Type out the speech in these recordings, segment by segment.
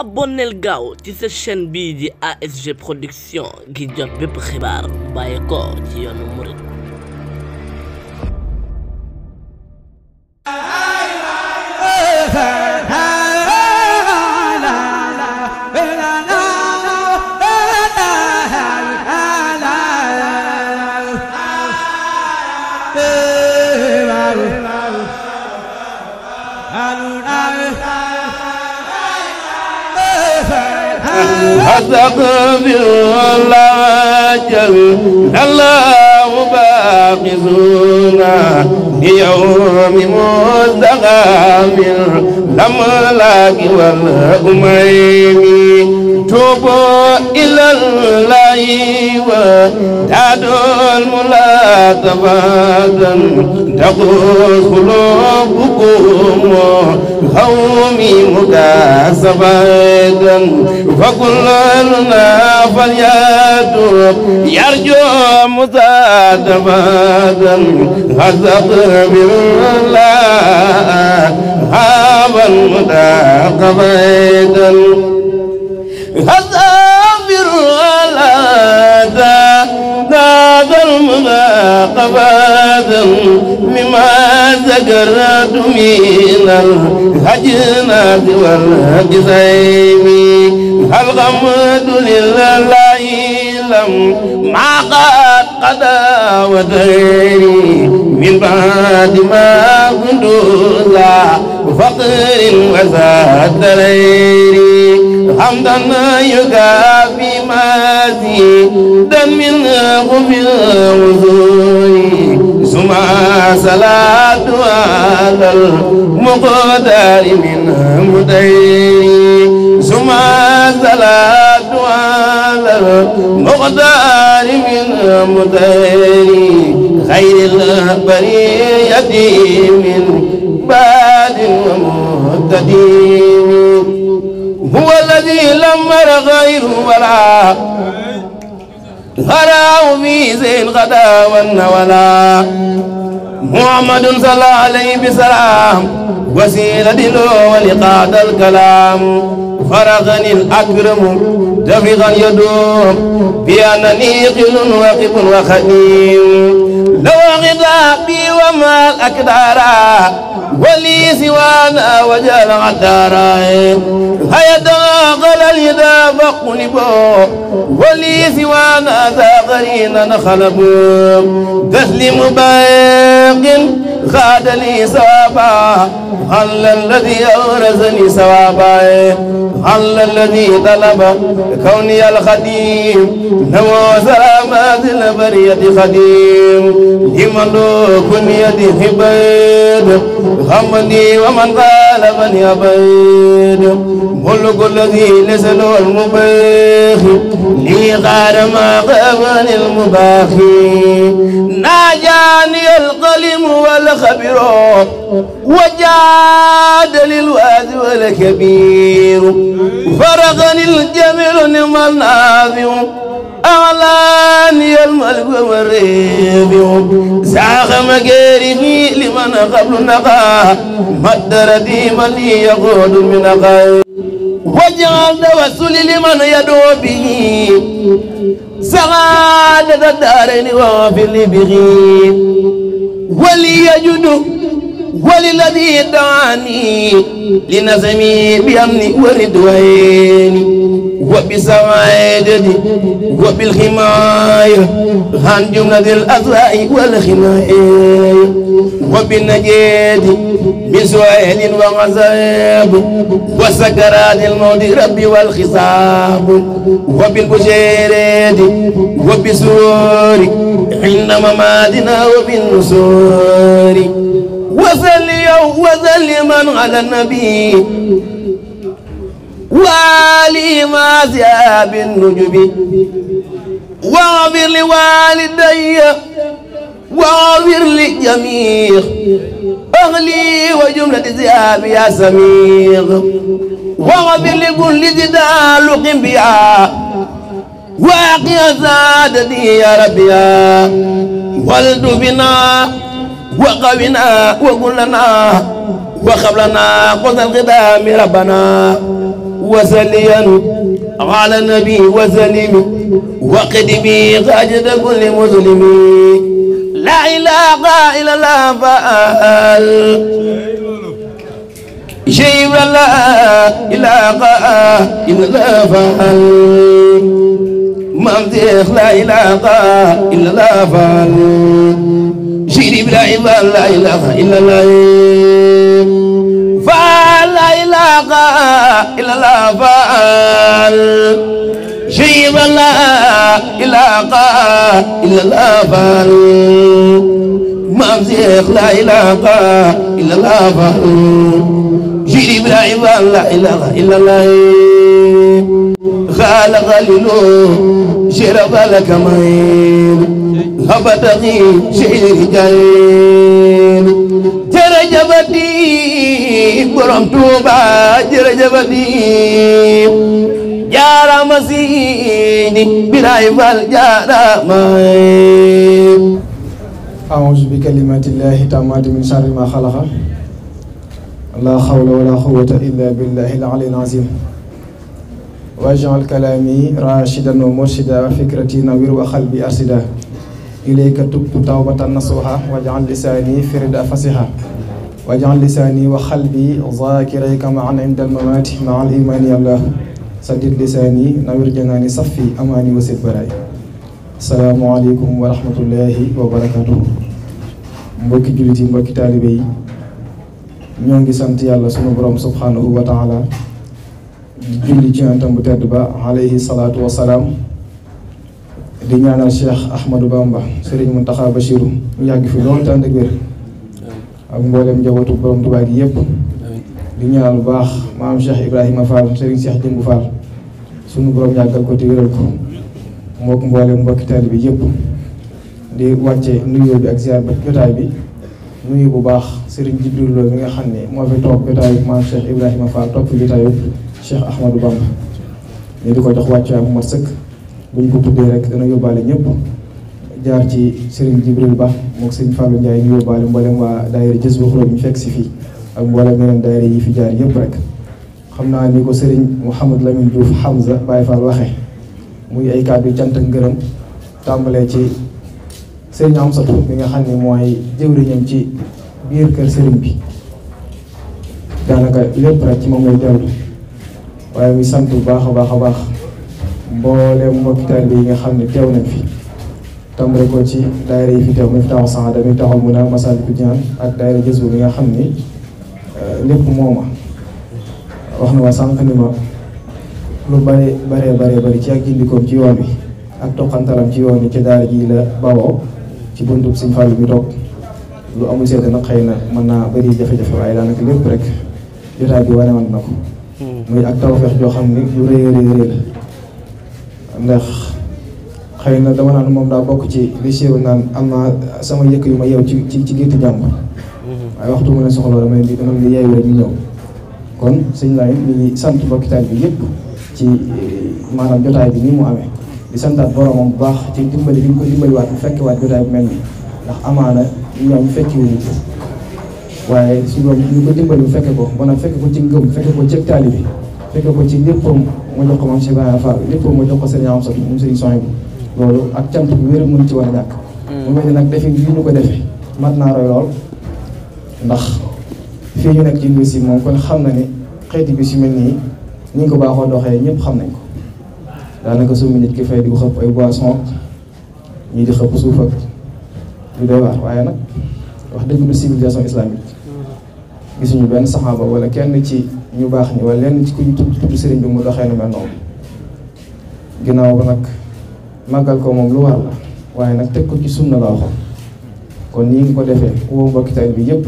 abonneel gaaw ci sa chaîne bii di ASG production gi jot bépp xibaar bàyyi ko ci yoonu murit أستغفر الله جل الله باقزونا ليوم مستغفر لملاك والأميم توبوا إلى الله وتعدوا الملا تبادا تقول قلوبكم قومي مكاسبادا فكلنا فليتوب يرجو متاتبادا غزق بالله هابا متاقبادا هذا بالولا ذا المناقبات مما ذكرت من الهجنة والهجزين الغمد لله لم ما قد قدا وديني من بعد ما كنت لا فقر وزاد ليلي حمدنا يكافي مزيدا منه في الوزوي ثم صلاة على المقدر من همدي ثم صلاة على المقدر من همدي خير البرية من بعد ومهتدي الذي لم ير غيره ولا غراه في زين غدا والنولا محمد صلى الله عليه وسلم وسيلة له ولقاد الكلام فرغني الأكرم دفغا يدوم بأنني قل وقف وخديم لو غذا بي وما الأكدارا ولي سوانا وجال عداراي هيا غلى اليدا فقلبوا ولي سوانا ذا نخلبو نخلبوا دهل مبايق غاد لي سوابا هل الذي أورثني سوابا هل الذي طلب كوني الخديم نمو سلامات البرية خديم لمن كن يدي حبيد محمدي ومن غالبني أبيد ملك الذي ليس له المباخ لي غار ما غابني المباخي ناجاني القلم والخبر وجاد للواد والكبير فرغني الجميل نما النافع أعلاني الملك والريب زاغ مجارمي لمن قبل نقا مدر ديما لي يقود من غير واجعل توسلي لمن يدعو به سعادة الدارين وفي لبغي وليجد وللذي دعاني لنزمي بأمني وردواني وبسعادتي وبالخماية عن جملة الأزواء والخماية وبالنجاة من سؤال وعذاب وسكرات الموت ربي والخصاب وبالبشيرات وبسوري عند مماتنا وبالنسور وسلما على النبي والي ما زياب النجب واغفر لوالدي واغفر لجميع أغلي وجملة زياب يا سميغ واغفر لكل ذي تعلق بها واقي سادتي يا ربي والد بنا وقونا وقلنا لنا قد لنا من ربنا وسليا على النبي وسلم وقد بي غاجد كل مسلم لا إله إلا الله فأل شيء لا إله إلا الله فأل ما لا إله إلا الله فأل إبراهيم لا إله إلا الله فلا إله إلا الله فال شيب لا إله إلا الله فال مزيخ لا إله إلا الله فال جير إبراهيم لا إله إلا الله خالق للو شرب لك مين أبتغي برم توبا جارا براي أعوذ بكلمات الله تعمد من شر ما خلق لا حول ولا قوة إلا بالله العلي العظيم واجعل كلامي راشدا ومرشدا وفكرتي نوير وقلبي أرشدا إليك تبت توبة نصوحة واجعل لساني فرد أفسها واجعل لساني وخلبي ذاكريك معا عند الممات مع الإيمان يا الله سدد لساني نور جناني صفي أماني وسد براي السلام عليكم ورحمة الله وبركاته مبوك جلتي مبوك تالبي نيونجي سنتي الله سنو برام سبحانه وتعالى جلتي أنتم بتدبا عليه الصلاة والسلام di ñaanal Cheikh Ahmadou Bamba Serigne muntaha bashirou mu yàgg fi loolu tan ak wér ak mbolem njabootu borom Tuubaa gi yépp di ñaanal bu baax maam Cheikh Ibrahima Fall Serigne Cheikh Jëmbu Fall suñu borom yàggal ko ti wëral ko mok mbolem mbokk taalibe bi yëpp di wacce nuyu bi ak ziar ba jotay bi nuyu bu baax Serigne Jibril Lo mi nga xamné mo fi top jotay maam Cheikh Ibrahima Fall top jotay jotaayu Cheikh Ahmadou Bamba ni di ko jox wacce mu mat sëkk. bu ñu ko tuddee rek dana yóbbaale ñëpp jaar ci Serigne Jibril Ba moom Serigne Fallou Ndiaye ñu yóbbaale mboolem waa daayira jës bu xulóo bi ñu fekk si fii ak mboolem yeneen daayira yi fi jaar yëpp rek xam naa ni ko Serigne Mouhamed Lamine Diouf Hamza Baye Fall waxee muy ay kàddu cant ak ngërëm tàmbalee ci Serigne Amsatou bi nga xam ne mooy jëwriñam ci biir kër sëriñ bi daanaka lépp rek ci moom lay dellu waaye muy sant bu baax a baax a baax. mboolem mbokki taalibe yi nga xam ne teew nañ fi tàmbale ko ci daayira yi fi teew Miftaahu Saada Miftaahu Muna bu Jinaan ak daayira Jazbu bi nga xam ni euh, lépp mooma wax na ma sànq ni ma lu bare bare bari ci ak jindikoom ci yoon wi ak toqantalam ci yoon wi ci daara ji la bawoo ci buntub Sëñ Fallu bi toog lu amul seeta nag xëy na mën naa bari jafe-jafe waaye daanaka lépp rek jotaay bi wane woon na ko hmm. muy ak tawfeex joo xam ni lu rëy rëy rëy la ndax xëy na dama naan moom daa bokk ci li siiw naan am sama yëkk yu ma yeew ci ci ci gétti jàmbur waaye waxtu mu ne soxla dama di dama di yeewu rek ñu kon sëñ laay mi ngi sant mbokki taal bi yëpp ci maanaam jotaay bi ni mu amee di santaat boromam bu baax ci dimbali bi ñu ko dimbaliwaat bu fekkiwaat jotaay bu mel ni ndax amaana ñoom fekkiwuñu waaye su doom ñu ko dimbali bu ko maanaam fekke ko ci ngëm fekke ko ci taalibi fekk ko ci léppam ma jox ko moom Cheikh Ibrahima Fall léppam ma jox ko Serigne Amsa moom Serigne Sonia loolu ak cant bu wér mën ci war a ñàkk. Hmm. mu nag defi lii ko defee mat naa roy lool ndax fii ñu nekk ci xam na ne xeeti bi si mel nii ni ko baaxoo doxee ñëpp xam nañ ko daanaka suñu nit ki fay di ko xëpp ay boisson ñii di xëpp suuf ak lu doy waar waaye nag wax dëgg du civilisation islamique. gisuñu ben sahaba wala kenn ci ñu bax ñi wala lenn ci ku ñu tuddu tudd sëriñ bi mu doxé nu mel noonu ginaaw ba nak magal ko mom lu war la waye nak teg ko ci sunna la waxoon kon ni nga ko defee woo mbokki tay bi yëpp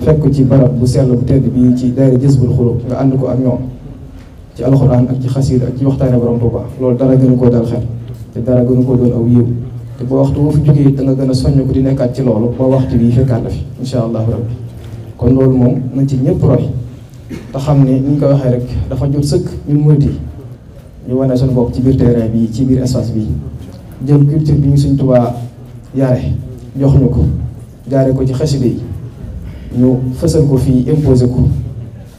fekk ci barab bu sell bu tedd bi ci daara Jazbul Xuluub nga ànd ko ak ñoom ci alxuraan ak ci khasir ak ci waxtane borom Tuuba lool dara gënu ko dal xel te dara gënu ko doon aw yew te bo waxtu boo fi jógee da nga gëna soñu ko di nekkat ci loolu boo waxtu bi fekkaat la fi inshallah rabbi kon loolu moom nañ ci ñëpp roy te xam ne ni ñu ko waxee rek dafa jot sëkk ñun murid yi ñu wane suñu bopp ci biir terrain bi ci biir espace bi jël culture bi ñu Sëñ Tuubaa yare jox ñu ko jaare ko ci xasida bi ñu fësal ko fii imposé ko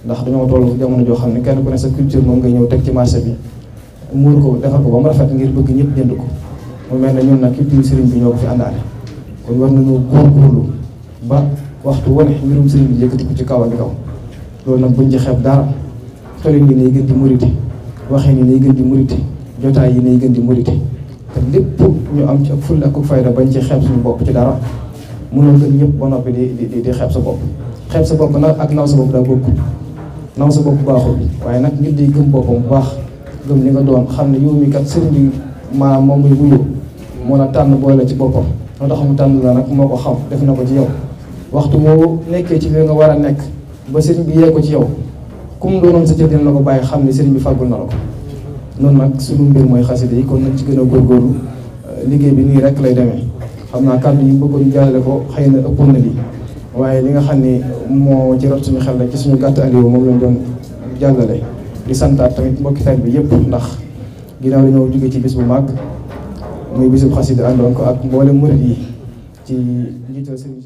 ndax dañoo toll jamono joo xam ne kenn ku ne sa culture moom ngay ñëw teg ci marché bi muur ko defar ko ba mu rafet ngir bëgg ñëpp jënd ko mu mel ne ñun nag culture sëriñ bi ñoo ko fi àndaale kon war nañu góorgóorlu ba waxtu wane mbirum sëriñ bi yëkkati ko ci kaw ak kaw loolu nag buñ ci xeeb dara xelin gi nay gën di murite waxee ni nay gën di murite jotaay yi nay gën di murite te lépp ñu am ci ak ful ak fayda bañ ci xeeb suñu bopp ci dara mënoo gën ñëpp ba noppi di di di xeeb sa bopp xeeb sa bopp nag ak naw sa bopp daa bokk naw sa bopp baaxul waaye nag nit day gëm boppam bu baax gëm li nga doon xam ne yow kat sëriñ bi maanaam moom muy wuyu moo la tànn boole ci boppam loo tax mu tànn la nag moo ko xam def na ko ci yow waxtu boo nekkee ci li nga war a nekk ba sëriñ bi yee ko ci yow kum doonoon sa cër dina la ko bàyyi xam ne sëriñ bi fàggul na la ko noonu nag suñu mbir mooy xasida yi kon nag ci gën a góorgóorlu euh, liggéey bi nii rek lay demee xam naa kàddu yi bëggoon jàllale ko xëy na ëppoon na lii li nga xam ne moo ci suñu xel rek ci suñu gàtt aliou moom lañ doon jàllale di santaat tamit mbokki taal bi yëpp ndax ginnaaw dañoo jóge ci bis bu màgg muy bisub xasida àndoon ko ak mboolem murid yi ci njiital sëriñ